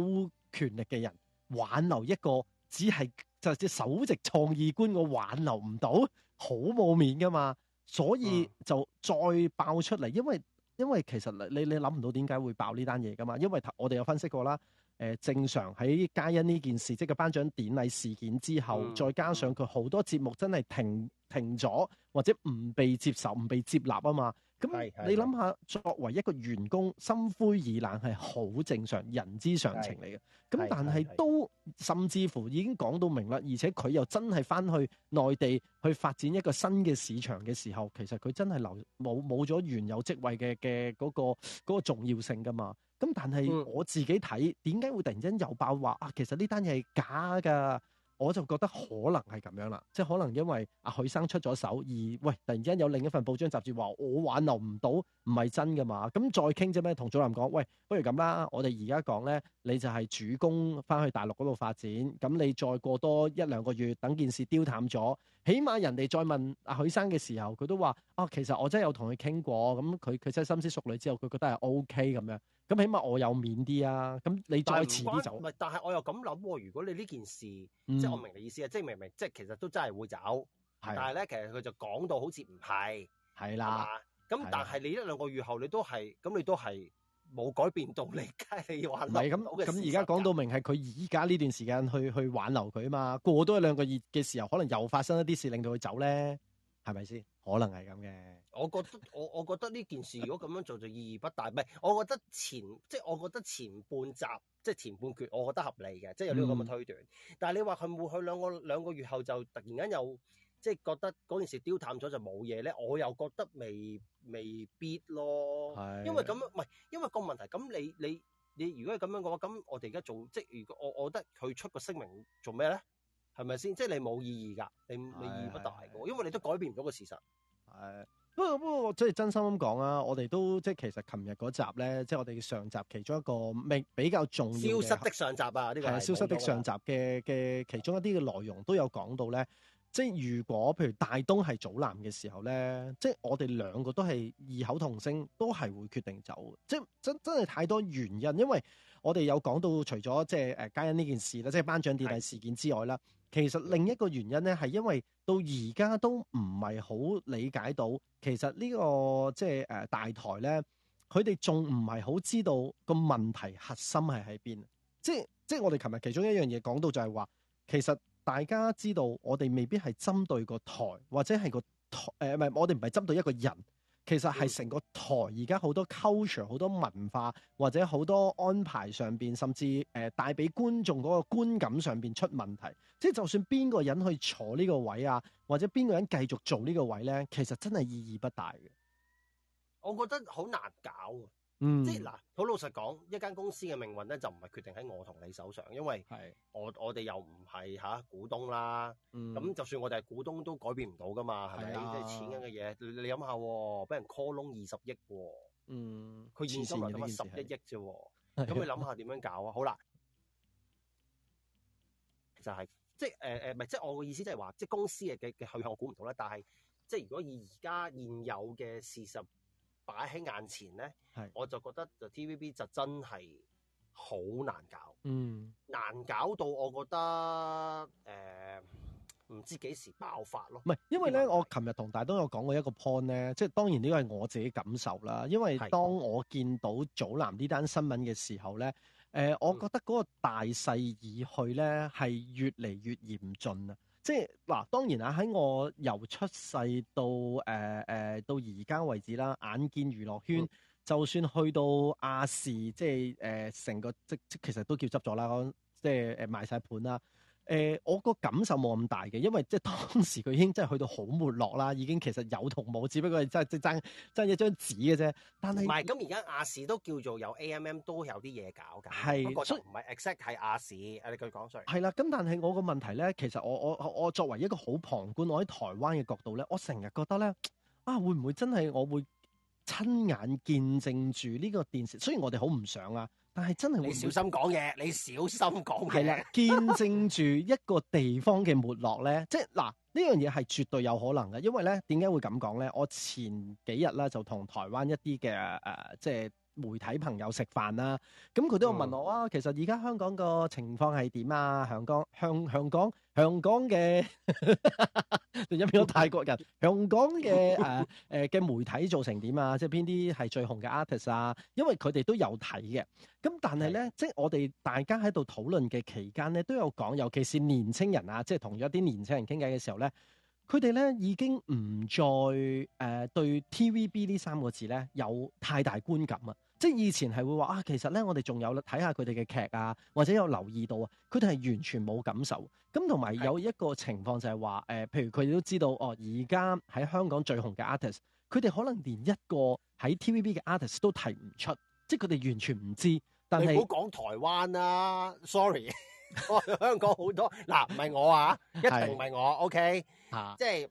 權力嘅人挽留一個只係。就係首席創意官我挽留唔到，好冇面噶嘛，所以就再爆出嚟，因為因為其實你你諗唔到點解會爆呢單嘢噶嘛，因為我哋有分析過啦，誒、呃、正常喺嘉欣呢件事即係個頒獎典禮事件之後，嗯、再加上佢好多節目真係停停咗或者唔被接受、唔被接納啊嘛。咁你諗下，作為一個員工，心灰意冷係好正常，人之常情嚟嘅。咁但係都甚至乎已經講到明啦，而且佢又真係翻去內地去發展一個新嘅市場嘅時候，其實佢真係留冇冇咗原有職位嘅嘅嗰個重要性噶嘛。咁但係我自己睇，點解、嗯、會突然間又爆話啊？其實呢單嘢係假㗎。我就覺得可能係咁樣啦，即係可能因為阿許生出咗手，而喂突然之間有另一份報章雜誌話我挽留唔到，唔係真嘅嘛？咁再傾啫咩？同祖藍講，喂，不如咁啦，我哋而家講咧，你就係主攻翻去大陸嗰度發展，咁你再過多一兩個月，等件事丟淡咗，起碼人哋再問阿許生嘅時候，佢都話啊、哦，其實我真係有同佢傾過，咁佢佢真係深思熟慮之後，佢覺得係 OK 咁樣。咁起碼我有面啲啊！咁你再遲啲走，唔係，但係我又咁諗喎。如果你呢件事，嗯、即係我明你意思啊，即係明明即係其實都真係會走，啊、但係咧其實佢就講到好似唔係，係啦、啊，咁但係你一兩個月後你都係，咁你都係冇改變到你梗係話、啊。唔係咁，咁而家講到明係佢而家呢段時間去去挽留佢啊嘛。過多一兩個月嘅時候，可能又發生一啲事令到佢走咧，係咪先？可能係咁嘅。 我覺得我我覺得呢件事如果咁樣做就意義不大，唔係我覺得前即係我覺得前半集即係前半段，我覺得合理嘅，即係有呢個咁嘅推斷。嗯、但係你話佢會去兩個兩個月後就突然間又即係覺得嗰件事丟淡咗就冇嘢咧，我又覺得未未必咯。因為咁唔係因為個問題，咁你你你如果係咁樣嘅話，咁我哋而家做即係如果我我覺得佢出個聲明做咩咧？係咪先？即係你冇意義㗎，你你意義不大嘅，是是是是因為你都改變唔到個事實。係。不過不過，即係真心講啊！我哋都即係其實琴日嗰集咧，即係我哋上集其中一個未比較重要消失的上集啊！呢、呢個係的消失的上集嘅嘅的其中一啲嘅內容都有講到咧。即係如果譬如大東係祖藍嘅時候咧，即係我哋兩個都係異口同聲，都係會決定走。即係真真係太多原因，因為我哋有講到除咗即係誒嘉欣呢件事啦，即係頒獎典禮事件之外啦。其實另一個原因咧，係因為到而家都唔係好理解到，其實呢個即係誒大台咧，佢哋仲唔係好知道個問題核心係喺邊？即係即係我哋琴日其中一樣嘢講到就係話，其實大家知道我哋未必係針對個台，或者係個台誒，唔係我哋唔係針對一個人。其實係成個台而家好多 culture、好多文化，多文化或者好多安排上面，甚至誒、呃、帶俾觀眾嗰個觀感上面出問題，即係就算邊個人去坐呢個位啊，或者邊個人繼續做呢個位咧，其實真係意義不大嘅。我覺得好難搞啊！嗯、即係嗱，好老實講，一間公司嘅命運咧就唔係決定喺我同你手上，因為係我是我哋又唔係吓股東啦，咁、嗯、就算我哋係股東都改變唔到噶嘛，係咪？啊、即係錢緊嘅嘢，你你諗下，俾、哦、人 call 窿二十億、哦，嗯，佢現時來咁啊十一億啫，咁你諗下點樣搞啊？ 好啦，就係、是、即係誒誒，唔、呃、係、呃、即係我嘅意思，即係話即係公司嘅嘅去向，我估唔到啦。但係即係如果以而家現有嘅事實，擺喺眼前咧，係是我就覺得就 TVB 就真係好難搞，嗯，難搞到我覺得誒、呃，唔知幾時爆發咯。唔係，因為咧我琴日同大東有講過一個 point 咧，即係當然呢個係我自己感受啦。因為當我見到祖藍呢單新聞嘅時候咧，誒、呃，我覺得嗰個大勢已去咧係越嚟越嚴峻啊。即係嗱、啊，當然啦、啊，喺我由出世到誒誒、呃呃、到而家為止啦，眼見娛樂圈，嗯、就算去到亞視，即係誒成個即即其實都叫執咗啦，即係誒賣晒盤啦。誒、呃，我個感受冇咁大嘅，因為即係當時佢已經真係去到好沒落啦，已經其實有同冇，只不過即係即爭即一張紙嘅啫。但係唔係，咁而家亞視都叫做有 AMM，都有啲嘢搞噶。係是，唔係 except 係亞視，你繼續講，sorry。所以係啦，咁但係我個問題咧，其實我我我作為一個好旁觀，我喺台灣嘅角度咧，我成日覺得咧，啊會唔會真係我會親眼見證住呢個電視？雖然我哋好唔想啊。但係真係會，會小心講嘢，你小心講嘢。係 啦，見證住一個地方嘅沒落咧， 即係嗱呢樣嘢係絕對有可能嘅，因為咧點解會咁講咧？我前幾日啦就同台灣一啲嘅，誒、即係。媒體朋友食飯啊，咁佢都有問我啊。嗯、其實而家香港個情況係點啊？香港、香香港、香港嘅，變 咗泰國人。香港嘅誒誒嘅媒體做成點啊？即係邊啲係最紅嘅 artist 啊？因為佢哋都有睇嘅。咁但係咧，是即係我哋大家喺度討論嘅期間咧，都有講，尤其是年青人啊，即係同咗一啲年青人傾偈嘅時候咧。佢哋咧已經唔再誒、呃、對 TVB 呢三個字咧有太大觀感啊！即係以前係會話啊，其實咧我哋仲有睇下佢哋嘅劇啊，或者有留意到啊，佢哋係完全冇感受。咁同埋有一個情況就係話誒，譬如佢哋都知道哦，而家喺香港最紅嘅 artist，佢哋可能連一個喺 TVB 嘅 artist 都提唔出，即係佢哋完全唔知。但你唔好講台灣啊，sorry。 哦、香港好多嗱，唔係我啊， 一定唔係我，OK、啊、即係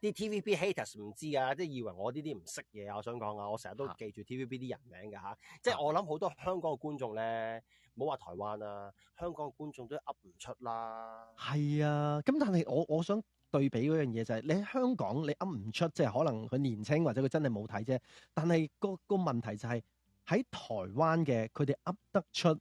啲 TVB haters 唔知啊，即係以為我呢啲唔識嘢啊。我想講啊，我成日都記住 TVB 啲人名嘅吓、啊，即係我諗好多香港嘅觀眾咧，唔好話台灣啊，香港嘅觀眾都噏唔出啦。係啊，咁但係我我想對比嗰樣嘢就係、是，你喺香港你噏唔出，即係可能佢年青或者佢真係冇睇啫。但係、嗰個、嗰個問題就係、是、喺台灣嘅，佢哋噏得出。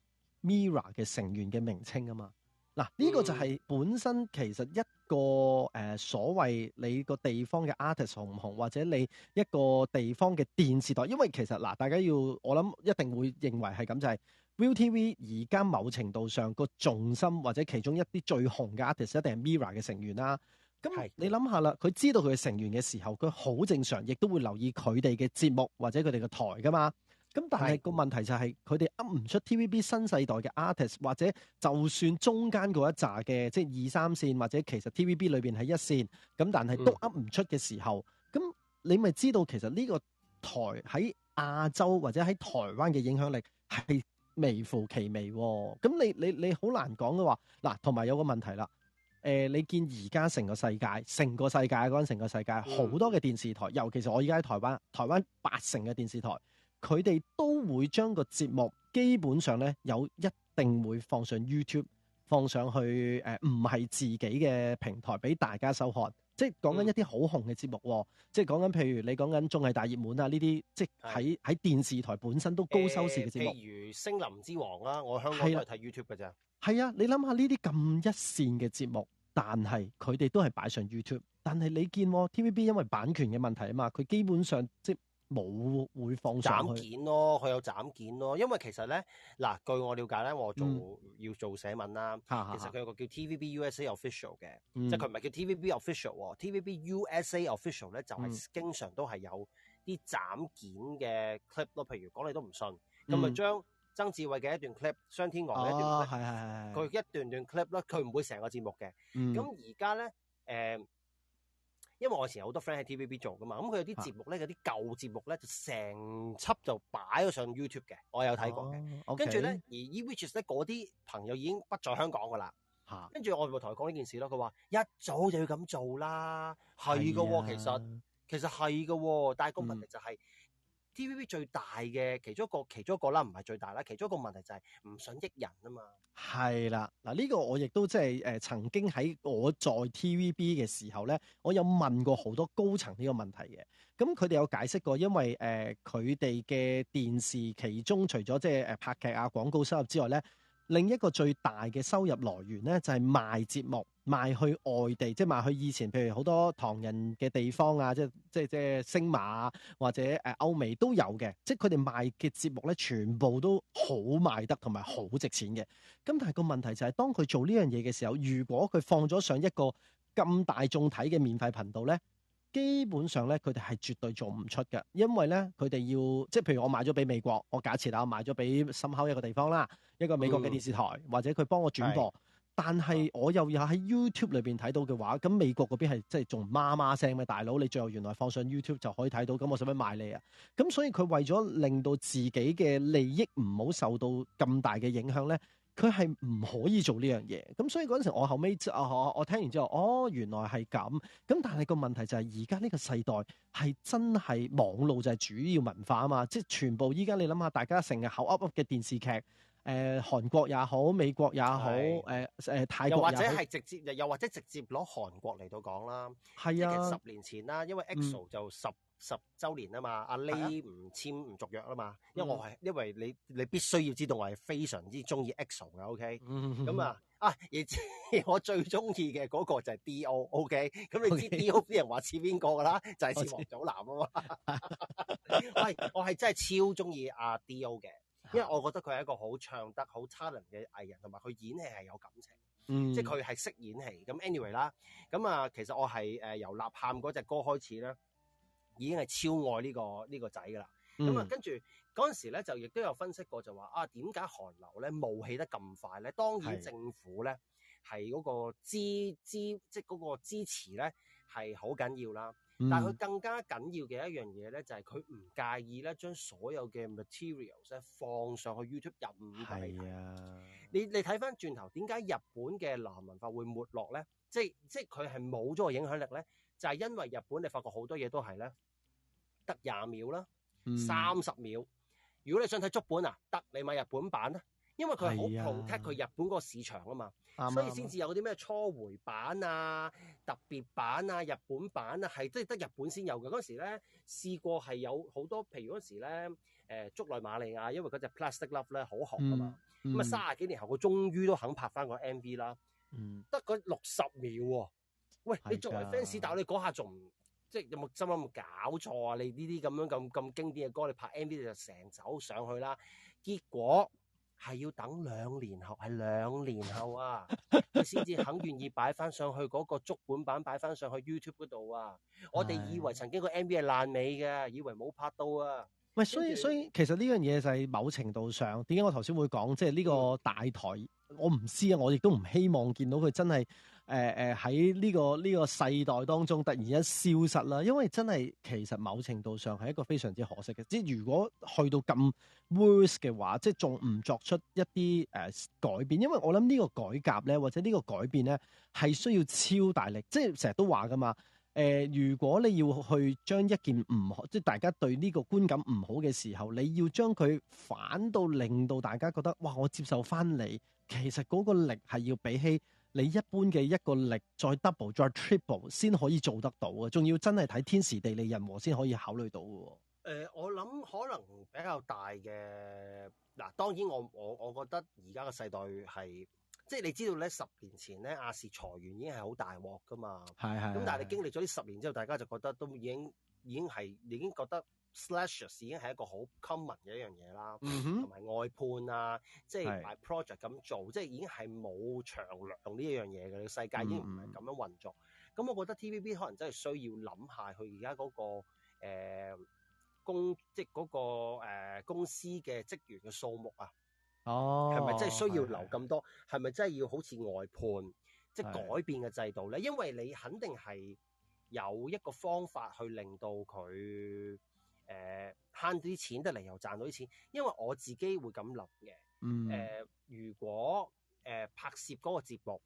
MIRROR 嘅成員嘅名稱啊嘛，嗱、啊、呢、這個就係本身其實一個誒、呃、所謂你個地方嘅 artist 紅唔紅，或者你一個地方嘅電視台，因為其實嗱、呃、大家要我諗一定會認為係咁，就係、是、ViuTV 而家某程度上個重心或者其中一啲最紅嘅 artist 一定係 MIRROR 嘅成員啦。咁、嗯、的你諗下啦，佢知道佢嘅成員嘅時候，佢好正常，亦都會留意佢哋嘅節目或者佢哋嘅台噶嘛。咁但係個問題就係佢哋噏唔出 TVB 新世代嘅 artist，或者就算中間嗰一紮嘅即係二三線，或者其實 TVB 裏邊係一線咁，但係都噏唔出嘅時候，咁、嗯、你咪知道其實呢個台喺亞洲或者喺台灣嘅影響力係微乎其微，哦。咁你你你好難講嘅話嗱，同埋有個問題啦。誒、呃，你見而家成個世界，成個世界嗰陣，成、嗰個、個世界好多嘅電視台，嗯、尤其是我而家喺台灣，台灣八成嘅電視台。佢哋都會將個節目基本上呢，有一定會放上 YouTube 放上去，誒，唔、呃、係自己嘅平台俾大家收看，即係講緊一啲好紅嘅節目，嗯哦、即係講緊譬如你講緊綜藝大熱門啊呢啲，即係喺喺電視台本身都高收視嘅節目，例、呃、如《聲林之王》啊啦，我香港係睇 YouTube 㗎咋？係啊，啊，你諗下呢啲咁一線嘅節目，但係佢哋都係擺上 YouTube，但係你見、哦、TVB 因為版權嘅問題啊嘛，佢基本上即冇會放斬件咯，佢有斬件咯，因為其實咧嗱，據我了解咧，我做、嗯、要做寫文啦，嗯嗯、其實佢有個叫 T V B U S A official 嘅，即係佢唔係叫 T V B official 喎，T V B U S A official 咧就係、是、經常都係有啲斬件嘅 clip 咯，譬如講你都唔信，咁咪將曾志偉嘅一段 clip，商天娥嘅一段 clip，佢、哦、一段段 clip 咯，佢唔會成個節目嘅，咁而家咧誒。因為我以前有好多 friend 喺 TVB 做噶嘛，咁、嗯、佢有啲節目咧，啊、有啲舊節目咧，就成輯就擺咗上 YouTube 嘅，我有睇過嘅。哦、跟住咧，okay. 而 Eriches 咧嗰啲朋友已經不在香港噶啦，嚇、啊。跟住我咪同佢講呢件事咯，佢話一早就要咁做啦，係噶喎，其實其實係噶喎，但係個問題就係、是。嗯 TVB 最大嘅其中一個，其中一個啦，唔係最大啦，其中一個問題就係唔想益人啊嘛。係啦，嗱，呢個我亦都即係誒曾經喺我在 TVB 嘅時候咧，我有問過好多高層呢個問題嘅。咁佢哋有解釋過，因為誒佢哋嘅電視其中除咗即係誒拍劇啊廣告收入之外咧，另一個最大嘅收入來源咧就係賣節目。賣去外地，即係賣去以前，譬如好多唐人嘅地方啊，即係即係即係星馬、啊、或者誒、呃、歐美都有嘅，即係佢哋賣嘅節目咧，全部都好賣得同埋好值錢嘅。咁但係個問題就係、是，當佢做呢樣嘢嘅時候，如果佢放咗上一個咁大眾睇嘅免費頻道咧，基本上咧佢哋係絕對做唔出嘅，因為咧佢哋要即係譬如我賣咗俾美國，我假設啦賣咗俾深口一個地方啦，一個美國嘅電視台、嗯、或者佢幫我轉播。但係我又有喺 YouTube 裏邊睇到嘅話，咁美國嗰邊係即係仲媽媽聲嘅大佬，你最後原來放上 YouTube 就可以睇到，咁我使唔使賣你啊？咁所以佢為咗令到自己嘅利益唔好受到咁大嘅影響咧，佢係唔可以做呢樣嘢。咁所以嗰陣時我後尾，我、哦、我聽完之後，哦原來係咁。咁但係個問題就係而家呢個世代係真係網路就係主要文化啊嘛，即係全部依家你諗下，大家成日口噏噏嘅電視劇。誒、呃、韓國也好，美國也好，誒誒泰國又或者係直接，又或者直接攞韓國嚟到講啦，係啊，十年前啦，因為 EXO 就十十、嗯、週年啊嘛，阿 LAY 唔、啊、簽唔續約啦嘛，因為我係、嗯、因為你你必須要知道我係非常之中意 EXO 嘅，OK，咁啊、嗯嗯、displays, 啊，而我最中意嘅嗰個就係 DO，OK，咁你知 DO 啲人話似邊個㗎啦，就係似王祖藍啊嘛，係我係真係超中意阿 DO 嘅。因為我覺得佢係一個好唱得好 talent 嘅藝人，同埋佢演戲係有感情，嗯、即係佢係識演戲。咁 anyway 啦、啊，咁啊其實我係誒、呃、由吶喊嗰隻歌開始咧，已經係超愛呢、呢個呢、呢個仔㗎啦。咁、嗯、啊跟住嗰陣時咧，就亦都有分析過就，就話啊點解韓流咧冒起得咁快咧？當然政府咧係嗰個支支即係嗰個支持咧係好緊要啦。但係佢更加緊要嘅一樣嘢咧，就係佢唔介意咧將所有嘅 material 咧放上去 YouTube 任你睇。係啊，你你睇翻轉頭，點解日本嘅南文化會沒落咧？即係即係佢係冇咗個影響力咧，就係、是、因為日本你發覺好多嘢都係咧，得廿秒啦，三十秒。秒啊、如果你想睇足本啊，得你買日本版啦，因為佢係好 protect 佢日本嗰個市場啊嘛。 所以先至有啲咩初回版啊、特別版啊、日本版啊，係都係得日本先有嘅。嗰時咧試過係有好多，譬如嗰時咧誒、呃，竹內瑪利亞，因為嗰隻 Plastic Love 咧好紅啊嘛。咁啊、嗯，卅、嗯、幾年後佢終於都肯拍翻個 MV 啦，得嗰六十秒喎、啊。喂，你作為 fans，的但係我嗰下仲即係有冇有冇搞錯啊？你呢啲咁樣咁咁經典嘅歌，你拍 MV 你就成走上去啦，結果～係要等兩年後，係兩年後啊，佢先至肯願意擺翻上去嗰個足本版擺翻上去 YouTube 嗰度啊！我哋以為曾經個 MV 係爛尾嘅，以為冇拍到啊！唔係，所以後所以，所以其實呢樣嘢就係某程度上，點解我頭先會講，即係呢個大台，嗯、我唔知啊，我亦都唔希望見到佢真係。誒誒喺呢個呢、這個世代當中突然一消失啦，因為真係其實某程度上係一個非常之可惜嘅。即係如果去到咁 worse 嘅話，即係仲唔作出一啲誒、呃、改變？因為我諗呢個改革咧，或者呢個改變咧，係需要超大力。即係成日都話㗎嘛。誒、呃，如果你要去將一件唔好，即係大家對呢個觀感唔好嘅時候，你要將佢反到令到大家覺得哇，我接受翻你。其實嗰個力係要比起。你一般嘅一個力再 double 再 triple 先可以做得到嘅，仲要真係睇天時地利人和先可以考慮到嘅。誒、呃，我諗可能比較大嘅嗱，當然我我我覺得而家嘅世代係即係你知道咧，十年前咧亞視裁員已經係好大鑊㗎嘛。係係。咁但係你經歷咗呢十年之後，大家就覺得都已經已經係已經覺得。Slashers 已經係一個好 common 嘅一樣嘢啦，同埋、mm hmm. 外判啊，即係 by project 咁做，是即係已經係冇長糧呢一樣嘢嘅。世界已經唔係咁樣運作。咁、mm hmm. 嗯、我覺得 TVB 可能真係需要諗下佢而家嗰個、呃、公即係嗰、嗰個、呃、公司嘅職員嘅數目啊。哦，係咪真係需要留咁多？係咪的真係要好似外判即係的改變嘅制度咧？因為你肯定係有一個方法去令到佢。誒慳啲錢得嚟又賺到啲錢，因為我自己會咁諗嘅。誒、嗯呃，如果誒、呃、拍攝嗰個節目，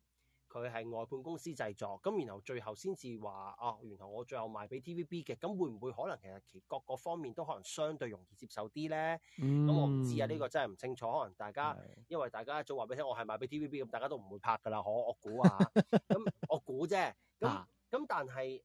佢係外判公司製作，咁然後最後先至話哦，然後我最後賣俾 T V B 嘅，咁會唔會可能其實其各個方面都可能相對容易接受啲咧？咁、嗯、我唔知啊，呢、呢個真係唔清楚。可能大家的因為大家早話俾你聽，我係賣俾 T V B，咁大家都唔會拍噶啦。我我估 啊，咁我估啫。咁咁但係、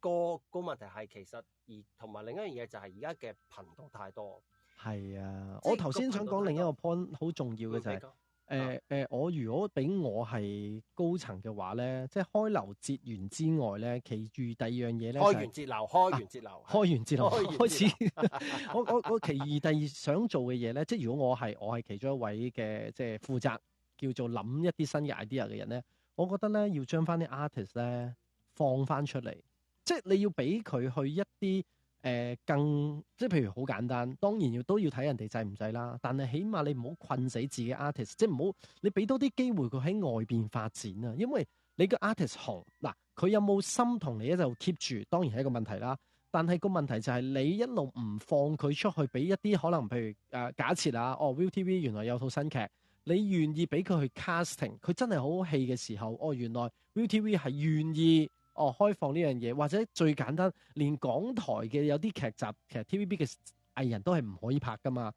嗰個、嗰個問題係其實。而同埋另一樣嘢就係而家嘅頻道太多。係啊，我頭先想講另一個 point 好重要嘅就係誒誒我如果俾我係高層嘅話咧，即係開流節，完之外咧，其餘第二樣嘢咧、就是，開完節流，開完節流、啊，開完節流，是開流，開始。 我我我其餘第二想做嘅嘢咧， 即係如果我係我係其中一位嘅即係負責叫做諗一啲新嘅 idea 嘅人咧，我覺得咧要將翻啲 artist 咧放翻出嚟。即係你要俾佢去一啲誒、呃、更，即係譬如好簡單，當然要都要睇人哋制唔制啦。但係起碼你唔好困死自己 artist，即係唔好你俾多啲機會佢喺外邊發展啊。因為你個 artist 紅，嗱，佢有冇心同你一路 keep 住，當然係一個問題啦。但係個問題就係你一路唔放佢出去俾一啲可能，譬如誒、呃、假設啊，哦，ViuTV 原來有套新劇，你願意俾佢去 casting，佢真係好好戲嘅時候，哦，原來 ViuTV 係願意。哦，開放呢樣嘢，或者最簡單，連港台嘅有啲劇集，其實 TVB 嘅藝人都係唔可以拍噶嘛。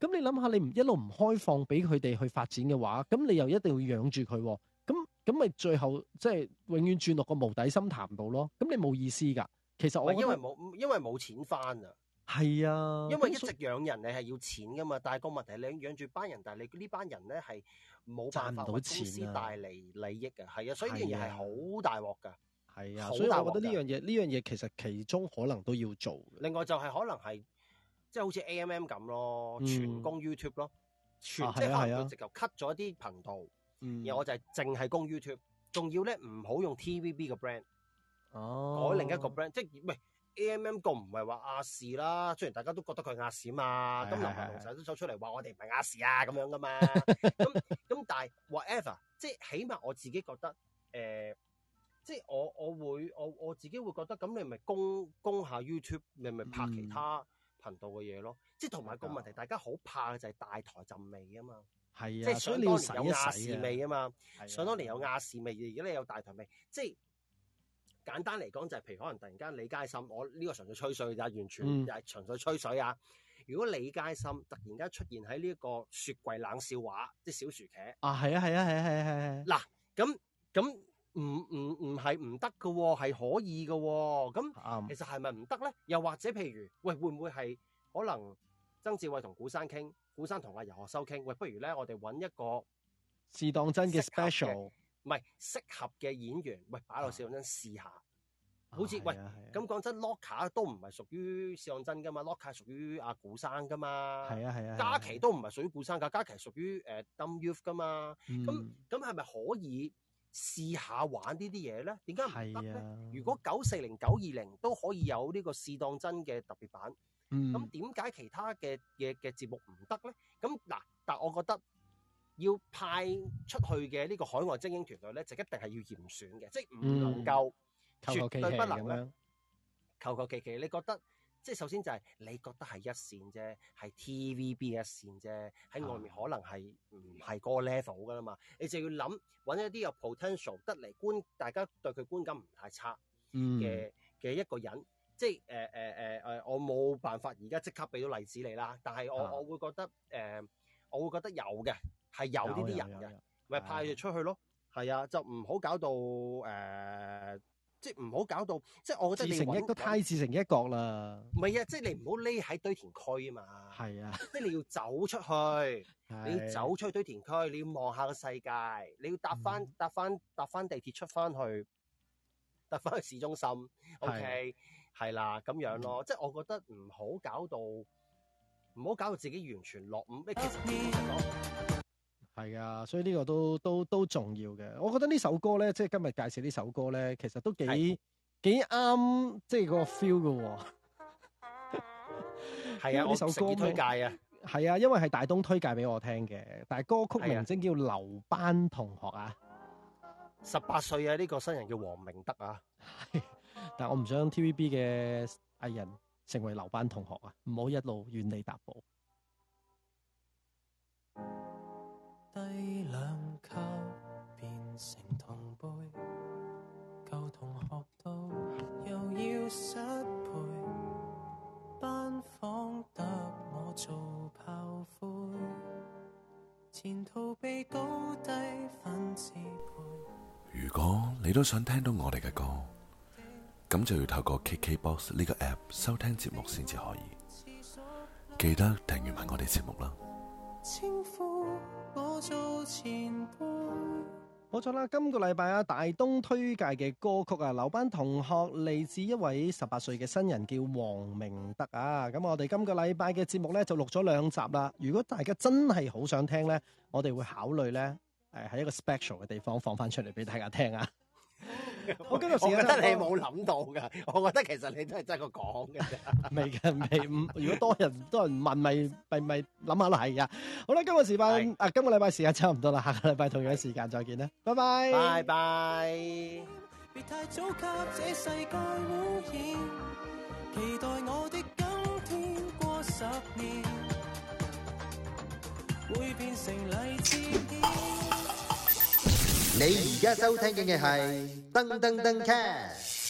咁你諗下，你唔一路唔開放俾佢哋去發展嘅話，咁、嗯、你又一定要養住佢，咁咁咪最後即係永遠轉落個無底深潭度咯。咁你冇意思噶。其實我因為冇因為冇錢翻啊，係啊，因為一直養人你係要錢噶嘛。但係個問題係你養住班人，但係你呢班人咧係冇辦法公司帶嚟利益噶，係啊，所以呢樣嘢係好大鑊噶。係啊，所以我覺得呢樣嘢呢樣嘢其實其中可能都要做。另外就係可能係即係好似 AMM 咁咯，全供 YouTube 咯，全即係翻直頭 cut 咗啲頻道，然後我就係淨係供 YouTube，仲要咧唔好用 TVB 嘅 brand，我另一個 brand，即係喂 AMM 個唔係話亞視啦，雖然大家都覺得佢係亞視嘛，咁劉行龍成日都走出嚟話我哋唔係亞視啊咁樣噶嘛，咁咁但係 whatever，即係起碼我自己覺得誒。即係我我會我我自己會覺得咁你咪攻攻下 YouTube，你咪拍其他頻道嘅嘢咯。即係同埋個問題，大家好怕嘅就係大台浸味啊嘛。係啊，即係所以你有亞視味啊嘛。想當年有亞視味，而家你有大台味。即係簡單嚟講，就係譬如可能突然間李佳芯，我呢個純粹吹水噶咋，完全就係純粹吹水啊。如果李佳芯突然間出現喺呢一個雪櫃冷笑話，即係小薯茄啊，係啊係啊係啊係啊係嗱咁咁。唔唔唔係唔得噶，係可以噶。咁其實係咪唔得咧？又或者譬如，喂會唔會係可能曾志偉同古生傾，古生同阿游學修傾？喂，不如咧，我哋揾一個試當真嘅 special，唔係適合嘅演員，喂擺落試當真試下。好似、啊、喂咁講、嗯、真 Locker 都唔係屬於試當真噶嘛，locker 屬於阿古生噶嘛。係啊係啊。嘉琪都唔係屬於古生噶，嘉琪係屬於誒、uh, Dumb Youth 噶嘛。咁咁係咪可以？試下玩呢啲嘢咧，點解唔得咧？啊、如果九四零、九二零都可以有呢個試當真嘅特別版，咁點解其他嘅嘅嘅節目唔得咧？咁嗱，但係我覺得要派出去嘅呢個海外精英團隊咧，就一定係要嚴選嘅，即係唔能夠，嗯、絕對不能嘅，求求、嗯、其、其、其其，你覺得？即係首先就係你覺得係一線啫，係 TVB 一線啫，喺外面可能係唔係個 level 㗎啦嘛。你就要諗搵一啲有 potential 得嚟觀，大家對佢觀感唔太差嘅嘅、嗯、一個人。即係誒誒誒誒，我冇辦法而家即刻俾到例子你啦。但係我的我會覺得誒、呃，我會覺得有嘅係有呢啲人嘅，咪派佢出去咯。係啊的，就唔好搞到誒。呃即係唔好搞到，即係我覺得你成一個太自成一角啦。唔係啊，即係你唔好匿喺堆填區啊嘛。係是啊，即係你要走出去，是啊、你要走出去堆填區，你要望下個世界，你要搭翻、嗯、搭翻搭翻地鐵出翻去，搭翻去市中心。是啊、OK，係啦、啊，咁樣咯。嗯、即係我覺得唔好搞到，唔好搞到自己完全落伍。其 係啊，所以呢個都都都重要嘅。我覺得呢首歌咧，即係今日介紹呢首歌咧，其實都幾的幾啱，即係嗰個 feel 噶、哦。係 啊的，呢首歌推介啊，係啊，因為係大東推介俾我聽嘅。但係歌曲名稱叫留班同學啊，十八歲啊呢、這個新人叫黃明德啊。 但係我唔想 TVB 嘅藝人成為留班同學啊，唔好一路原地踏步。如果你都想聽到我哋嘅歌，咁就要透過 KKBOX 呢個 app 收聽節目先至可以。記得訂閱埋我哋節目啦。冇錯啦，今個禮拜阿大東推介嘅歌曲啊，留班同學嚟自一位十八歲嘅新人叫黃明德啊。咁、啊嗯、我哋今個禮拜嘅節目呢，就錄咗兩集啦。如果大家真係好想聽呢，我哋會考慮呢。誒，喺一個 special 嘅地方放翻出嚟俾大家聽啊！我今個時間，我覺得你冇諗到噶，我覺得其實你都係真係個講嘅。未嘅，未。如果多人多人問，咪咪咪諗下嚟啊。好啦，今個時間是啊，今個禮拜時間差唔多啦，下個禮拜同樣時間再見啦，拜拜，拜拜 bye。 你而家收聽嘅係噔噔噔 cat